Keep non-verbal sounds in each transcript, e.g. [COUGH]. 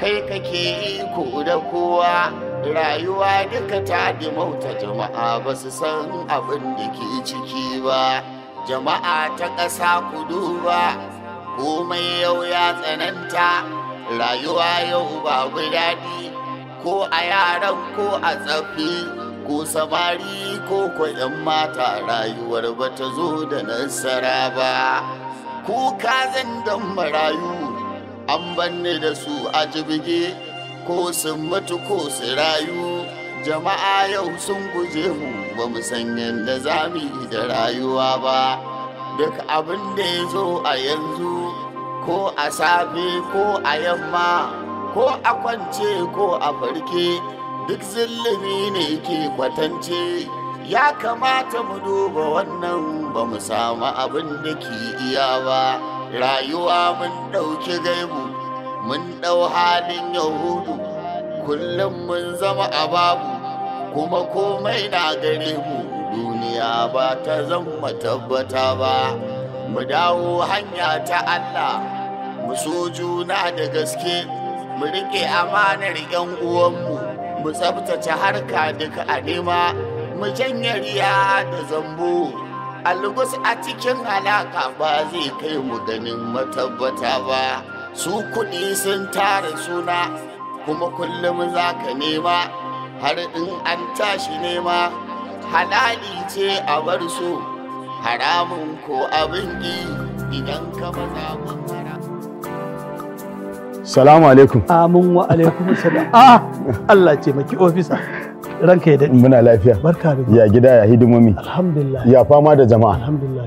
kai kake iko da kowa rayuwa duka ta mauta jama'a ba su san abin da ke ciki ba jama'a ta ƙasa ku duba komai yau ya tsananta rayuwa yau babu daɗi ko a yaran ko a tsafi ko samari ko kwayan mata rayuwar ba ta zo da nasara ba ko zan don marayu an banne da su a jibige ko sun mutu ko su rayu jama'a yau sun guje mu ba mu san yadda za mu yi da rayuwa ba duk abin da ya zo a yanzu ko a safe ko a yamma ko a kwance ko a farke duk zillimi ne ke kwatance ya kamata mu duba wannan ba mu samu abin da ke iya ba. rayuwa mun ɗauki gaibu mun ɗau halin yahudu kullum mun zama a babu kuma komai na gare mu duniya ba ta zama tabbata ba mu dawo hanya ta allah mu so juna da gaske mu riƙe amanar 'yan uwanmu mu tsabtace harka duka a nema mu janye riya da zambo algus a cikin alaka ba zai kai mu ganin matabbata ba su kuɗi sun tara suna kuma kullum za ka nema har in an tashi nema halali ce a bar su haramun ko abin yi idan ka maza fara. Salamu alaikum. Amin wa alaikum salam. Ah, Allah ce maki ofisa. ranka ya daɗe muna lafiya barka da ya gida ya hidimomi alhamdulillah ya fama da jama'a alhamdulillah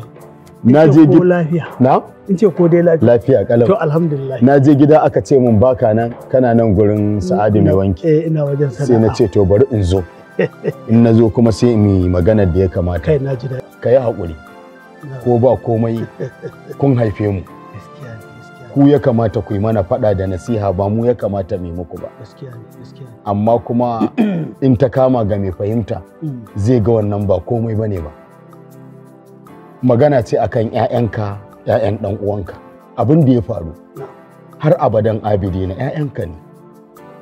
na je gida lafiya na in ce ko dai lafiya lafiya kalau to alhamdulillah na je gida aka ce mun baka nan kana nan gurin sa'adu mai wanki eh ina wajen sana'a sai na ce to bari in zo [LAUGHS] in na zo kuma sai mu yi magana da ya kamata kai na ji daɗi kai haƙuri ko ba komai kun haife mu ku ya kamata ku yi mana faɗa da nasiha ba mu ya kamata mai muku ba. Amma kuma [CLEARS THROAT] in ta kama ga mai fahimta mm. zai ga wannan ba komai ba ne ba. Magana ce akan 'ya'yanka 'ya'yan ɗan uwanka abin da ya faru har abadan abidi na 'ya'yanka ne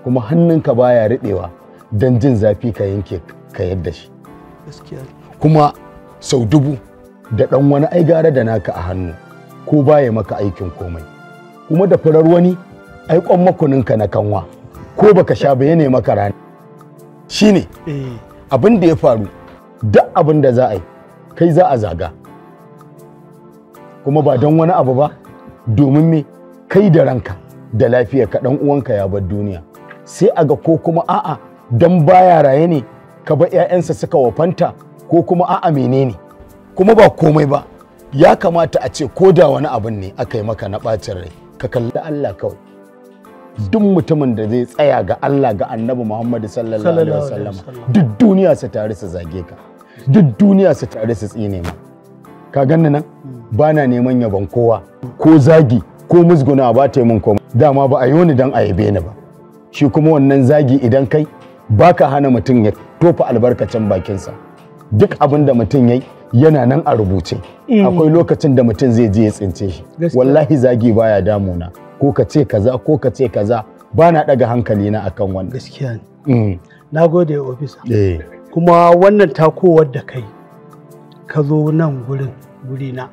kuma hannunka baya riɗewa don jin zafi ka yanke ka yadda shi. Kuma sau dubu da ɗan wani ai gara da naka a hannu ko baya maka aikin komai. kuma da farar wani ai kwan makuninka na kanwa ko baka sha ba yana maka rani shine eh. abin da ya faru duk abin da za a yi kai za a zaga kuma ba don wani abu ba domin me kai da ranka da lafiya ka dan uwanka ya bar duniya sai a ga ko kuma a'a dan baya raye ne ka ba 'ya'yansa suka wafanta ko kuma a'a menene kuma ba komai ba ya kamata a ce ko da wani abun ne aka yi maka na ɓacin rai ka kalli Allah kawai duk mutumin da zai tsaya ga Allah ga annabi Muhammad sallallahu alaihi wasallam duk duniya su tare su zage ka duk duniya su tare su tsine ma ka ganni nan ba na neman yabon kowa ko zagi ko musguna ba ta yi min komai dama ba a yi wani dan a yabe ni ba shi kuma wannan zagi idan kai baka hana mutum ya tofa albarkacin bakinsa duk abin da mutum ya yana nan a rubuce mm. akwai lokacin da mutum zai je ya tsince shi wallahi zagi baya damuna ko ka ce kaza ko ka ce kaza ba na daga hankali na akan wannan gaskiya mm. na gode ofisa eh. kuma wannan takowar da kai ka zo nan gurin gurina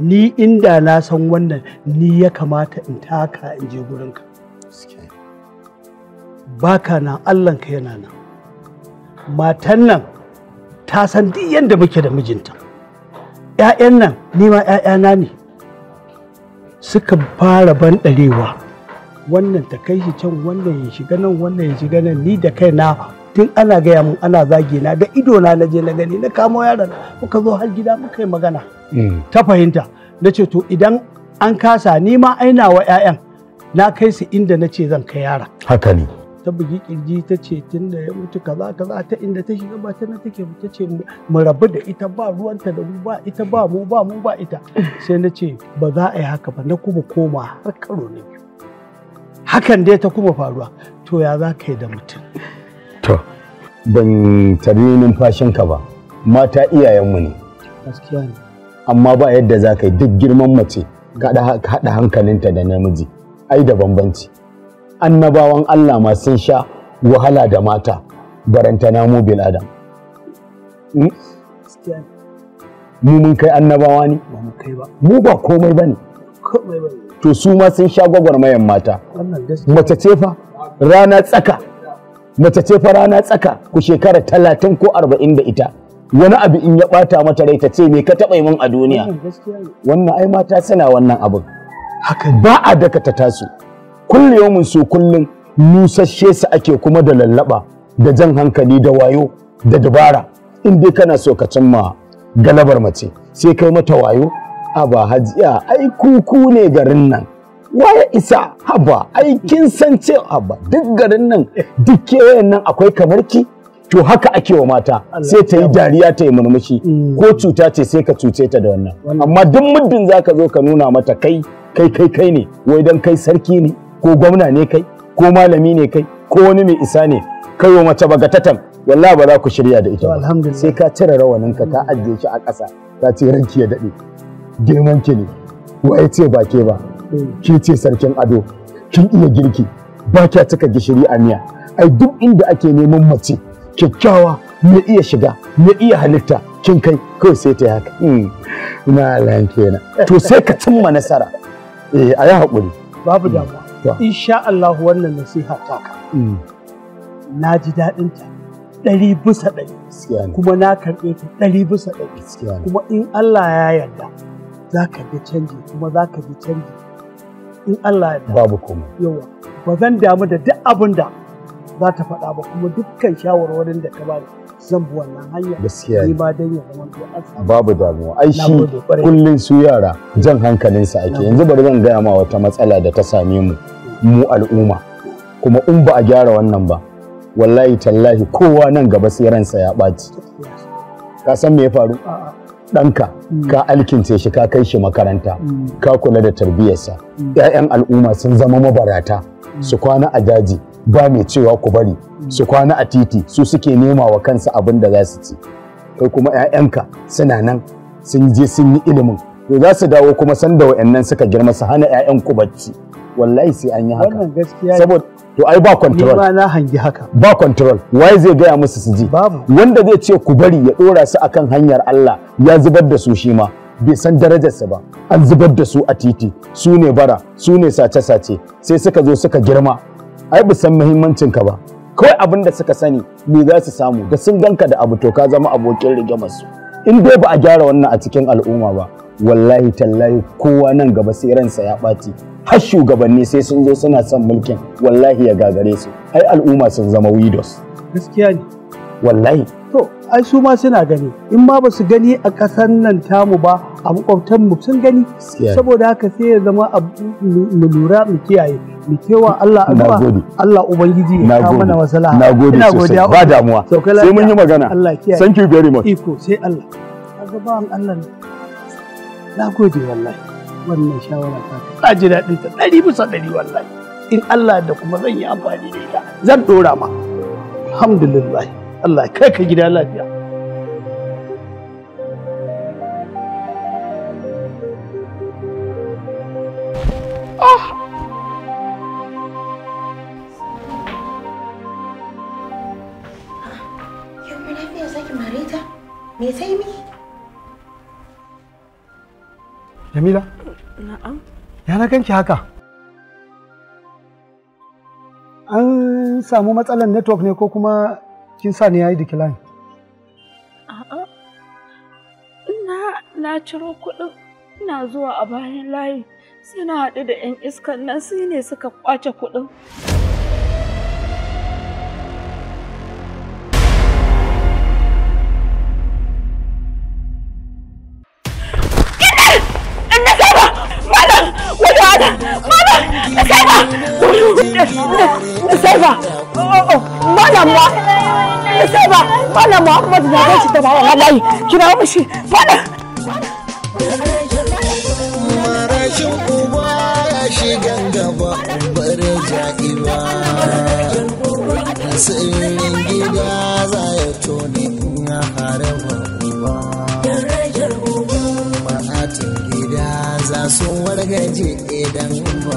ni inda na san wannan ni ya kamata in taka in je gurinka baka na allahnka yana nan matan nan ta san duk yadda muke da mijinta ‘ya'yan nan nima ‘ya'yana ne suka fara ban ɗarewa wannan ta kai shi can wannan ya shiga nan wannan ya shiga nan ni da kai na. tun ana gaya mun ana zage na da ido na na je na gani na kamo yaron muka zo har gida muka yi magana mm. ta fahimta na ce to idan an kasa ni ma aina wa 'ya'yan na kai su inda na ce zan kai yaran haka ne ta bugi kirji ta ce tun da ya mutu kaza kaza ta inda ta shiga ba ta take ta ce mu rabu da ita ba ruwanta da mu ba ita ba mu ba mu ba ita sai na ce ba za a yi haka ba na kuma koma har karo ne hakan dai ta kuma faruwa to ya za ka yi da mutum to ban fashin numfashinka ba mata iyayenmu ne gaskiya ne amma ba yadda za ka yi duk girman mace ka haɗa hankalinta da namiji ai da bambanci annabawan Allah ma sun sha wahala da mata barantana mu bil adam hmm? mu mun kai annabawa ne mu ba komai bane to su ma sun sha gwagwarmayan mata mace ce fa rana tsaka mace ce fa rana tsaka ku shekara talatin ko arba'in da ita wani abu in ya bata mata rai ta ce me ka taɓa min a duniya wannan ai mata suna wannan abin ba a daka ta taso. Kullewa yawmin su kullun nusasshe su ake kuma da lallaba da jan hankali da wayo da dabara in dai kana so ka cimma galabar mace sai kai mata wayo aba hajiya ai kuku ne garin nan waya isa haba ai kin san ce haba duk garin nan duk kewayen nan akwai kamar ki to haka ake wa mata sai ta yi dariya ta yi murmushi mm. ko cuta ce sai ka cuce ta da wannan amma duk muddin zaka zo ka nuna mata kai kai kai kai ne wai dan kai sarki ne ko gwamna ne kai ko malami ne kai ko wani mai isa ne kai mace tatam wallahi ba za ku shirya da ita ba sai ka cire rawaninka ka ajiye shi a ƙasa ka ce ranki ya daɗe girman ki ne waye ce ba ke ba hmm. Ki ce sarkin ado kin iya girki ba kya cika gishiri a miya ai duk inda ake neman mace kyakkyawa Me iya shiga Me iya halitta kin kai kawai sai ta haka malam hmm. kenan to sai ka cimma nasara eh ayi hakuri babu damuwa insha Allah wannan nasiha taka mm. na ji daɗin ta ɗari bisa ɗari kuma na karɓe ta ɗari bisa ɗari kuma in Allah ya yarda za ka ga canji kuma za ka ji canji in Allah ya yarda babu kuma yawa ba zan damu da duk abin da za ta faɗa ba kuma dukkan shawarwarin da ka bani zan bi wannan hanya gaskiya ne ba dan ya zama to babu damuwa ai shi kullun su yara jan hankalinsa ake yanzu bari zan gaya ma wata matsala da ta same mu mu al'umma kuma in ba a gyara wannan ba wallahi tallahi kowa nan gaba sai ransa ya ɓaci ka san me ya faru ɗanka mm. ka alkince shi ka kai shi makaranta mm. ka kula da tarbiyyarsa mm. 'ya'yan al'umma sun zama mabarata su kwana a daji ba mai cewa ku bari mm. su kwana a titi su suke nema wa kansu abin da za su ci kai kuma 'ya'yanka suna nan sun je sun yi ilimin to za su dawo kuma sanda wa'annan suka girma su hana 'ya'yan ku bacci wallahi sai an yi haka wannan gaskiya saboda to ai ba control ba na hangi haka ba control wai zai gaya musu su ji babu wanda zai ce ku bari ya dora su akan hanyar Allah ya zubar da su shi ma bai san darajarsa ba an zubar da su a titi su ne bara su ne sace-sace sai suka zo suka girma ai ba san muhimmancin ka ba kawai abin da suka sani me za su samu da sun ganka da abu to ka zama abokin rigimar su in dai ba a gyara wannan a cikin al'umma ba wallahi tallahi kowa nan gaba sai ransa ya ɓaci har shugabanni sai sun zo suna son mulkin wallahi ya gagare su ai al'umma sun zama widows gaskiya ne wallahi to ai su ma suna gani in ma ba su gani a ƙasar nan tamu ba a makwabtan mu sun gani saboda haka sai ya zama mu lura mu kiyaye mu kewa Allah addu'a Allah ubangiji ya kawo mana wasala na gode sosai ba damuwa sai mun yi magana Allah thank you very much iko sai Allah kaga ba Allah na gode wallahi wannan shawara ta ta ji daɗin ta ɗari bisa ɗari wallahi in Allah da kuma zan yi amfani da ita zan ɗora ma alhamdulillah Allah kai ka gida lafiya ah! Me ya yi miki? Jamila? Na'am. Ya na ganki haka? An samu matsalar network ne ko kuma kin sa ne yayi decline a'a na na ciro kuɗin ina zuwa a bayan layi sai na haɗu da 'yan iskan nan su ne suka kwace kuɗin Saiba! Malam ba! sai ba malam Muhammad na gaci ta bawa wallahi kira mishi malam marashin uba ya shigan gaba bare ja'iwa sirrin gida za ya tone in a harama uba gida za su wargaje idan ba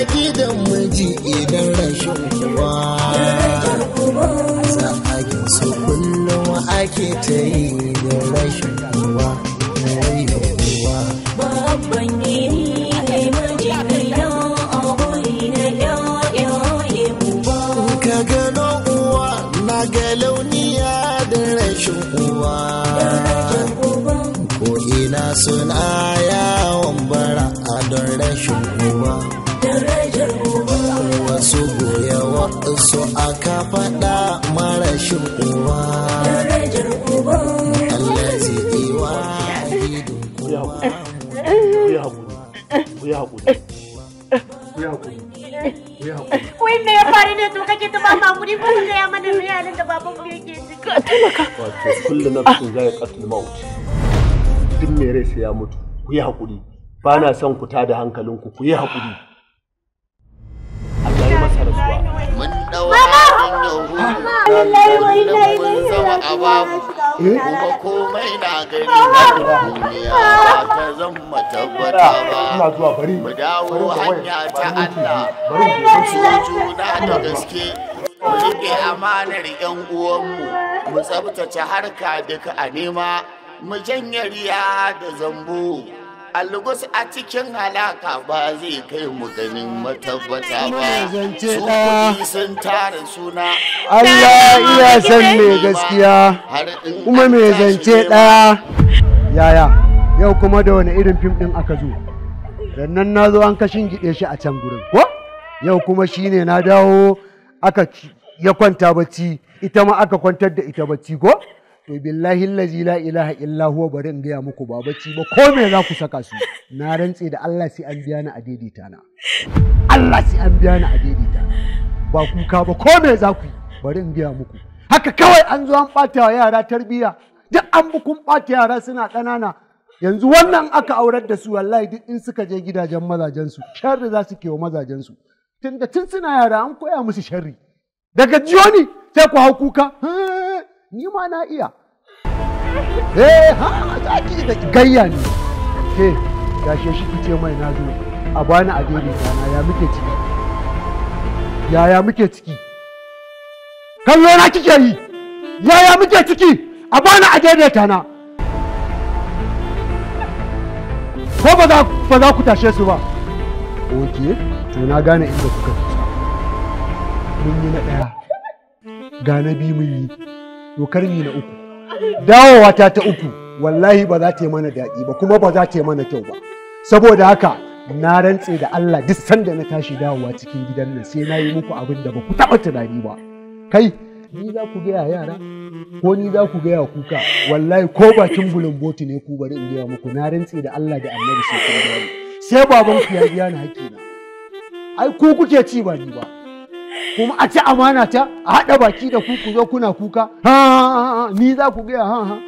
a gidan miji idan rashin kuwa sa'akin su kullum ake tayi yi da rashin kuwa gano uwa na ga launiya da rashin uwa ko ina suna yawon bara a don rashin uwa su aka faɗa marashin uwa Allah iwa Wanda ya ne to kake mamuri ko ka ya mana riyanin da baban mu yake Wato kullu maut. Duk rai sai ya mutu. Ku hakuri. Ba na son ku tada hankalinku. Ku yi hakuri. kuma komai na gari na duniya ta zan matabbata ba mu dawo hanya ta Allah mu juna da gaske mu rike amanar yan uwanmu mu tsabtace harka duka a nema mu janye da zambo algus a cikin halaka ba zai kai mu ganin matabbata ba su kuɗi sun tara suna Allah iya san me gaskiya kuma me zance ɗaya yaya yau kuma da wani irin fim ɗin aka zo sannan na zo an kashin gide shi a can gurin ko yau kuma shine na dawo aka ya kwanta bacci ita ma aka kwantar da ita bacci ko to billahi allazi la ilaha illa huwa bari in gaya muku ba bacci ba ko me za ku saka su na rantse da Allah sai an biya ni a daidaita na Allah sai an biya ni a daidaita na ba kuka ba ko me za ku yi bari in gaya muku haka kawai an zo an ɓata wa yara tarbiyya duk an bukun ɓata yara suna ƙanana yanzu wannan aka aurar da su wallahi duk in suka je gidajen mazajensu sharri za su kewa mazajensu tun da tun suna yara an koya musu sharri daga jiyoni sai ku hau kuka ni ma na iya Eh, eh ha za ki da gayya ne ke gashe shi kice mai na zo a bani a daidaita na ya muke ciki yaya muke ciki kallo na kike yi yaya muke ciki a bani a daidaita na ko ba za ku tashe su ba oke to na gane inda kuka fita mun yi na ɗaya ga na biyu mun yi dokar ni na uku dawowata ta ta uku wallahi ba za ta yi mana daɗi ba kuma ba za ta yi mana kyau ba saboda haka na rantse da Allah duk sanda na tashi dawowa cikin gidan nan sai na yi muku abin da ba ku taɓa tunani ba kai ni za ku gaya yara ko ni za ku gaya kuka wallahi ko bakin bulumboti ne ku bari in gaya muku na rantse da Allah da annabi sai kun sai baban ya biya ni hakkina ai ku kuke ci ba ni ba kuma a ci amana ta a haɗa baki da ku ku zo kuna kuka ha ni za ku gaya ha ha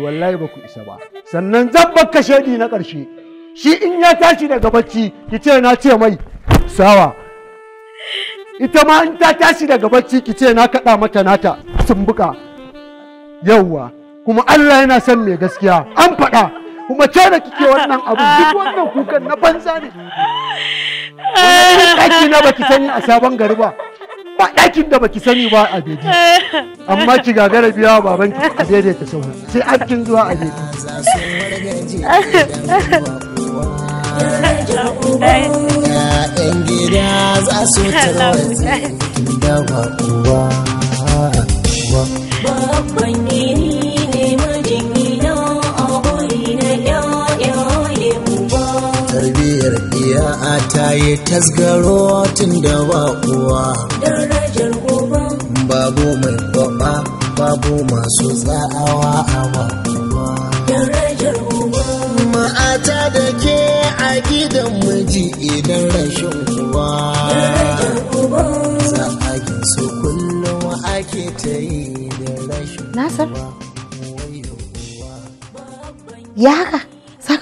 wallahi ba ku isa ba sannan zan baka shaidi na ƙarshe shi in ya tashi daga bacci ki ce na ce mai sawa ita ma in ta tashi daga bacci ki ce na kaɗa mata nata sumbuka yauwa kuma Allah yana san mai gaskiya an faɗa kuma ce da kike wannan abu? duk wannan kukan na banza ne ɗaki na baki sani a sabon gari ba ba ɗakin da baki sani ba a bebi amma ki gagara biya baban ki a ta sauri sai afkin zuwa a bebi gida za su da ta yi tasgaro tun da ba uwa babu mai goma babu masu tsa'awa a bakuwa ma'ata da ke a gidan miji idan rashin uwa sa'akin su kullum ake ta yi da rashin uwa ya haka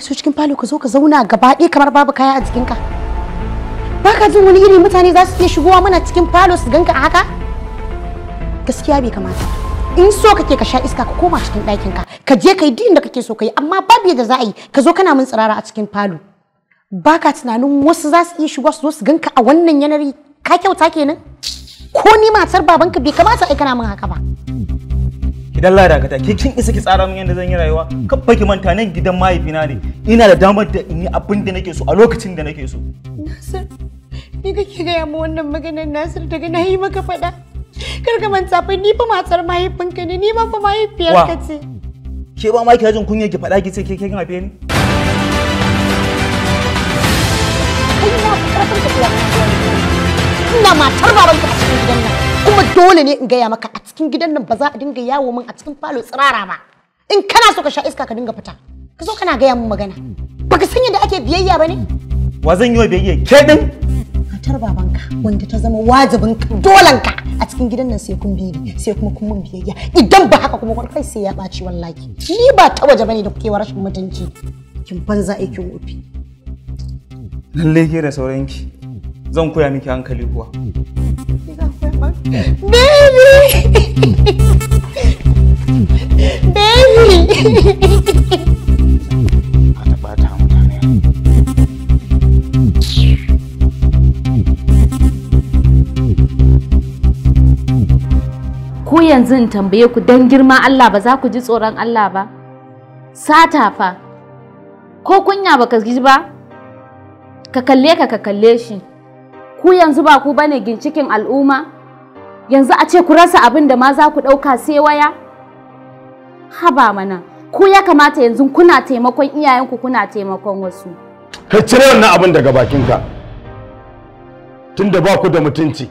iso cikin falo ka zo ka zauna gaba ɗaya kamar babu kaya a jikinka ba ka jin wani irin mutane za su iya shigowa mana cikin falo su ganka a haka gaskiya bai kamata in so kake ka sha iska ka koma cikin ɗakin ka ka je ka yi da kake so ka amma babu yadda za a yi ka zo kana mun tsirara a cikin falo ba ka tunanin wasu za su iya shigowa su zo su ganka a wannan yanayi ka kyauta kenan ko ni matar babanka bai kamata ai kana mun haka ba. gidan lada ka take kin isa ki tsara min yadda zan yi rayuwa ka baki manta nan gidan mahaifina ne ina da damar da in yi abin da nake so a lokacin da nake so nasir ni kake gaya mu wannan maganar nasir daga na yi maka faɗa kar ka manta fa ni fa matar mahaifinka ne ni ma fa mahaifiyarka ce ke ba ma ki jin kunya ki faɗa ki ce ke kin haife ni ina matar babanka a cikin gidan nan kuma dole ne in gaya maka a cikin gidan nan ba za a dinga yawo min a cikin falo tsirara ba in kana so ka sha iska ka dinga fita ka zo kana gaya min magana baka san yadda ake biyayya ba ne wa zan yi wa biyayya ke din matar babanka wanda ta zama wajibin ka dolanka a cikin gidan nan sai kun bibi sai kuma kun min biyayya idan ba haka kuma kai sai ya ɓaci wallahi ni ba ta waje bane da kuke rashin mutunci kin banza kin ofi lalle ke da sauranki zan koya miki hankali kuwa ku yanzu in tambaye ku don girma Allah ba za ku ji tsoron Allah ba sata fa ko kunya baka ji ba ka kalle ka ka kalle shi ku yanzu ba ku bane gincikin al'umma yanzu a ce ku rasa abin da ma za ku ɗauka sai waya haba mana ku ya kamata yanzu kuna taimakon iyayenku kuna taimakon wasu ka cire wannan abin daga bakinka tunda ba ku da mutunci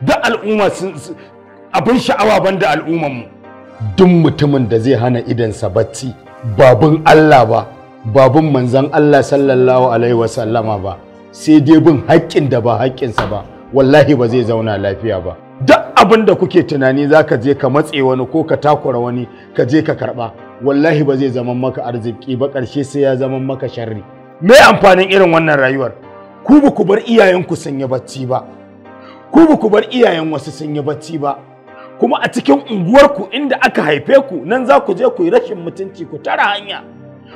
da al'umma abin sha'awa ban da mu. duk mutumin da zai hana idansa bacci babun Allah ba babun manzon Allah sallallahu alaihi wasallama ba sai dai bin haƙƙin da ba haƙƙinsa ba wallahi ba zai zauna lafiya ba duk abin da kuke tunani za ka je ka matse wani ko ka takura wani ka je ka karba wallahi ba zai zama maka arziki ba ƙarshe sai ya zama maka sharri me amfanin irin wannan rayuwar ku ba ku bar iyayenku sun yi bacci ba ku ba ku bar iyayen wasu sun yi bacci ba kuma a cikin unguwarku inda aka haife ku nan za ku je ku yi rashin mutunci ku tara hanya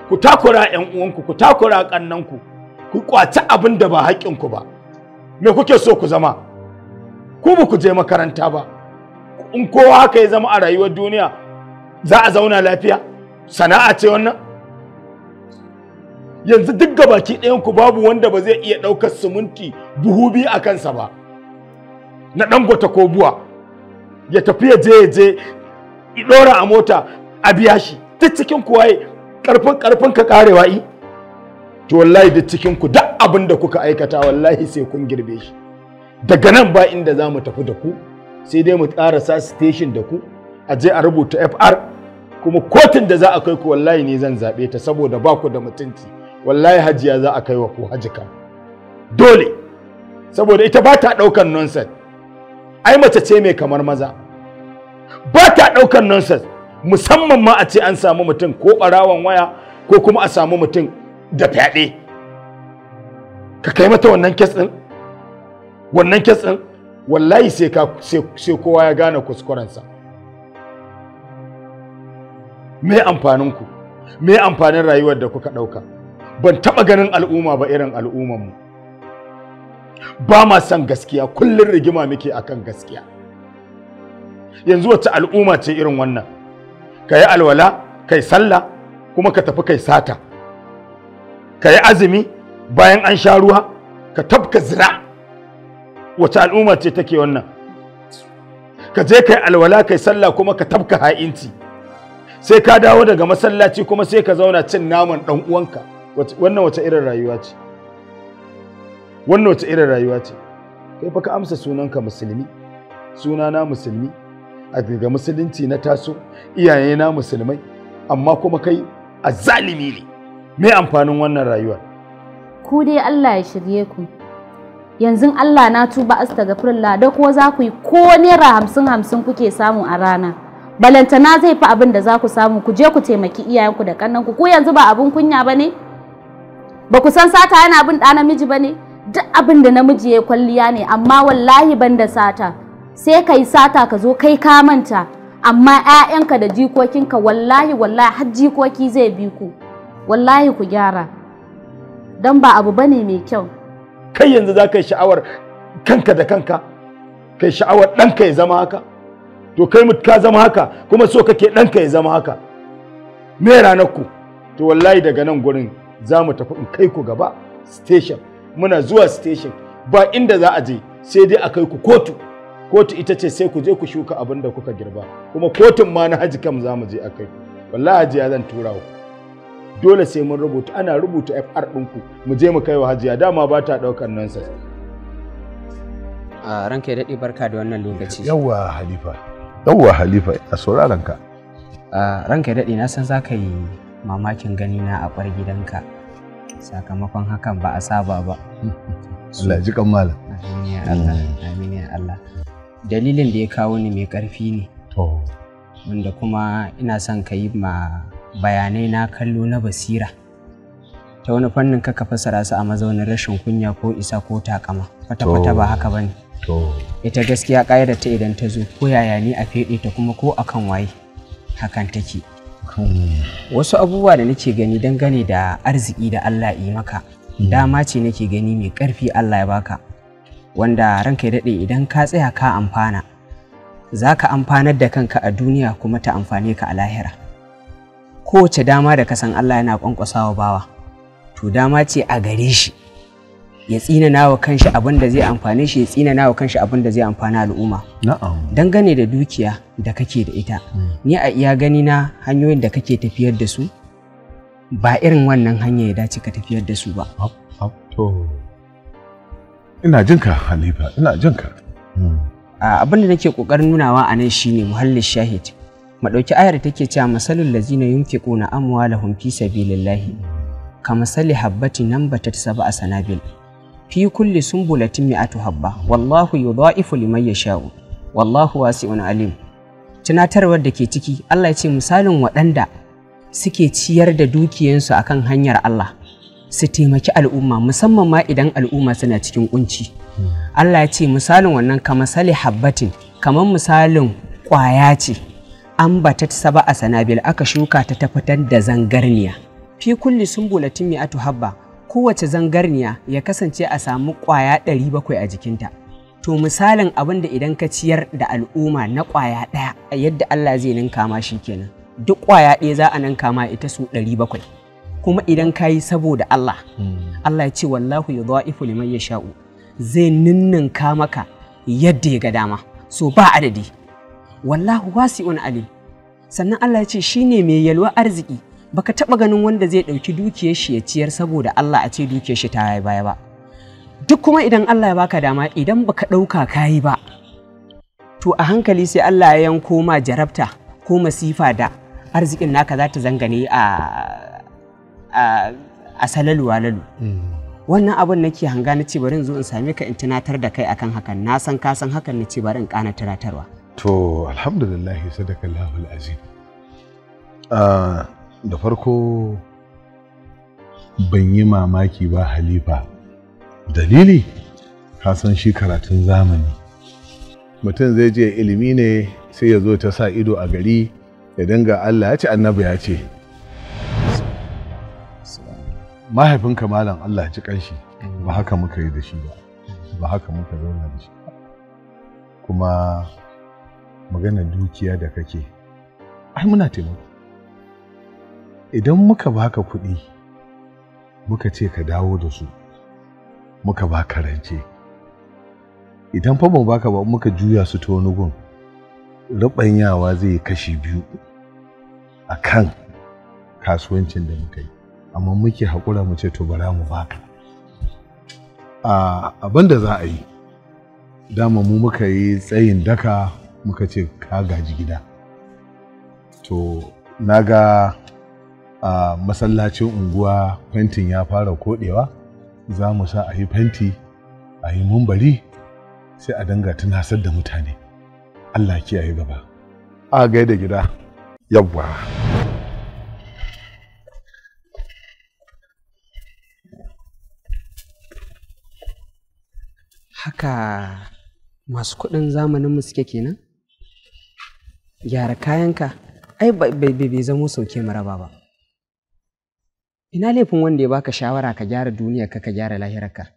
ku takura 'yan uwanku ku takura ƙannanku ku kwaci abin da ba haƙƙinku ba me kuke so ku zama ku ba ku je makaranta ba in kowa haka ya zama a rayuwar duniya za a zauna lafiya sana'a ce wannan yanzu duk gabaki ɗayan ku babu wanda ba zai iya ɗaukar siminti buhu biyu a kansa ba na ɗan gwata ko buwa ya tafi ya je ya je ɗora a mota a biya shi duk cikin kuwaye ƙarfin ƙarfin ka ƙarewa i to wallahi da cikin ku duk abin da kuka aikata wallahi sai kun girbe shi daga nan ba inda za mu tafi da ku sai dai mu tsara sa station da ku a je a rubuta fr kuma kotun da za a kai ku wallahi ne zan zaɓe ta saboda ba ku da mutunci wallahi hajiya za a kai wa ku hajika dole saboda ita ba ta ɗaukan nonsense ai mace ce mai kamar maza ba ta ɗaukan nonsense musamman ma a ce an samu mutum ko ɓarawan waya ko kuma a samu mutum da fyaɗe ka kai mata wannan kes ɗin wannan kes ɗin wallahi sai kowa ya gane kuskurensa me amfaninku me amfanin rayuwar da kuka ɗauka ban taɓa ganin al'umma ba irin al'ummanmu ba ma son gaskiya kullum rigima muke akan gaskiya yanzu wacce al'umma ce irin wannan ka yi alwala kai sallah kuma ka tafi kai sata ka yi azumi bayan an sha ruwa ka tafka zira wace al'umma ce take wannan ka je kai alwala kai sallah kuma ka tafka ha'inci sai ka dawo daga masallaci kuma sai ka zauna cin naman dan uwanka wannan wace irin rayuwa ce wannan wace irin rayuwa ce kai fa ka amsa sunanka musulmi sunana musulmi a daga musulunci na taso iyayena musulmai amma kuma kai zalimi ne me amfanin wannan rayuwar ku dai Allah ya shirye ku yanzu Allah na tuba astaghfirullah da ko za ku yi ko naira hamsin hamsin kuke samu a rana balantana zai fi abin da za ku samu ku je ku taimaki iyayenku da kannanku ku yanzu ba abin kunya ba ne ba ku san sata yana abin ɗa namiji ba ne duk abin da namiji ya kwalliya ne amma wallahi ban da sata sai ka yi sata ka zo kai ka manta amma 'ya'yanka da jikokinka wallahi wallahi har jikoki zai bi ku wallahi ku gyara don ba abu bane mai kyau kai yanzu za ka yi sha'awar kanka da kanka kai sha'awar ɗanka ya zama haka to kai ka zama haka kuma so kake ɗanka ya zama haka me ku to wallahi daga nan gurin za mu tafi in kai ku gaba station muna zuwa station ba inda za a je sai dai a kai ku kotu kotu ita ce sai ku je ku shuka abin da kuka girba kuma kotun ma na haji kam za mu je a kai wallahi ya zan tura ku dole sai mun rubuta ana rubuta fr ɗinku mu je mu kai wa hajiya dama ba ta ɗaukar nan sa a ranka ya daɗe barka da wannan lokaci yawwa halifa yawwa halifa a sauraron ka a ranka ya daɗe na san za ka yi mamakin gani na a bar gidanka sakamakon hakan ba a saba ba [LAUGHS] Allah ji kan malam amin ya Allah amin ya Allah dalilin da ya kawo ni mai ƙarfi ne to wanda kuma ina son ka yi ma bayanai na kallo na basira ta wani fannin kaka fassara su a mazaunin rashin kunya ko isa ko takama fata-fata ba haka bane ita gaskiya ƙa'idar ta idan ta zo ko yaya ne a feɗe ta kuma ko akan waye hakan take wasu abubuwa da nake gani dangane da arziki da Allah yi maka hmm. dama ce nake gani mai ƙarfi Allah ya baka wanda ranka ya daɗe idan ka tsaya ka amfana za ka amfanar da kanka a duniya kuma ta amfane ka a lahira kowace dama da kasan Allah yana kwankwasawa bawa to dama ce a gare shi ya tsina wa kanshi abin da zai amfane shi ya tsina wa kanshi abin da zai amfana al'umma dangane da dukiya da kake da ita hmm. ni a iya gani na hanyoyin da kake tafiyar da su ba irin wannan hanya ya dace ka tafiyar da su ba ina jinka halifa ina jinka hmm. abin da nake kokarin nunawa a nan shine muhallin shahid madauki ayar take cewa masalul lazina yunfiquna amwalahum fi sabilillahi kamasali habbati nambatat sab'a sanabil fi kulli sumbulatin mi'atu habba wallahu yudha'ifu liman yasha'u wallahu wasi'un alim tunatarwar da ke ciki Allah ya ce misalin waɗanda suke ciyar da dukiyansu akan hanyar Allah su taimaki al'umma musamman ma idan al'umma suna cikin kunci hmm. Allah ya ce misalin wannan kamasali habbatin kamar misalin kwaya ce an bata saba a sanabil aka shuka ta ta fitar da zangarniya fi kulli bulatin mi atu habba kowace zangarniya ya kasance a samu kwaya 700 a jikinta to misalin abin da idan ka ciyar da al'umma na kwaya ɗaya yadda Allah zai ninka ma shi kenan duk kwaya ɗaya za a ninka ma ita su bakwai. kuma idan ka yi saboda Allah hmm. Allah ya ce wallahu yudha'ifu liman sha'u", zai ninninka maka yadda ya ga dama so ba adadi wallahu wasi'un Ali, sannan Allah ya ce shine mai yalwa arziki baka taba ganin wanda zai dauki dukiyar shi ya ciyar saboda Allah a ce dukiyar shi ta yi baya ba duk kuma idan Allah ya baka dama idan baka dauka kayi ba to a hankali sai Allah ya yanko ma jarabta ko masifa da arzikin naka za ta zangane a a a salalu walalu hmm. wannan abun nake hanga na ce bari in zo in same ka in tunatar da kai akan hakan na san ka san hakan na ce bari in kana tunatarwa To, alhamdulillahi sadaka Allahul azim. Da farko ban yi mamaki ba halifa. Dalili, ka san shi karatun zamani. Mutum zai je ilimi ne sai ya zo ta sa ido a gari ya dinga Allah ya ce annabi ya ce. Mahaifinka malam Allah ci kanshi ba haka muka yi da shi ba, ba haka muka zauna da shi Kuma maganar dukiya da kake ai muna taimako idan muka baka kuɗi muka ce ka dawo da su muka baka rance idan fa ba baka ba muka juya su ta wani gun ruɓanyawa zai kashi biyu a kan kasuwancin da muka yi amma muke haƙura mu ce to bara mu baka abin da za a yi dama mu muka yi tsayin daka muka ce ka gaji gida to na ga a masallacin unguwa fentin ya fara kodewa za mu sa a yi fenti a yi mumbari sai a danga tunasar da mutane allah kiyaye gaba a gaida gida yawwa haka masu kuɗin zamaninmu suke kenan? gyara kayanka ai bai zamo sauke maraba ba ina laifin wanda ya baka shawara ka gyara duniya ka ka gyara lahirarka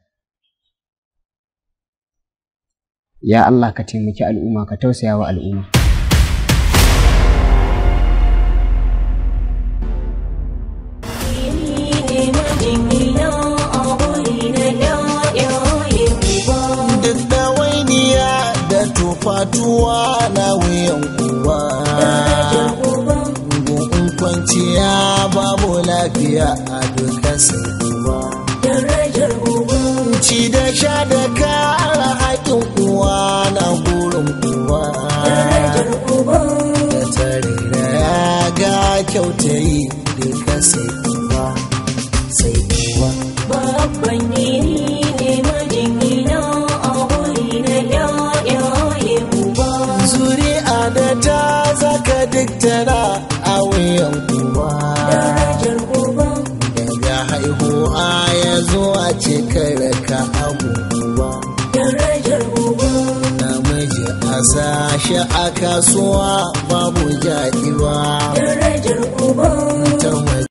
ya Allah ka taimaki al'umma ka tausaya wa al'umma faduwa na wuyan kuwa. gungun kwanciya babu lafiya a dukkan sai ci da sha da kara haƙin kuwa na gurin kuwa. da tare da ya ga kyautayi duka sai kuwa, sai kuwa. babban ne tara a wuyan kuma daga haihuwa ya zo a cikar ka abubuwa namiji a sashe a kasuwa babu jaɗiwa ta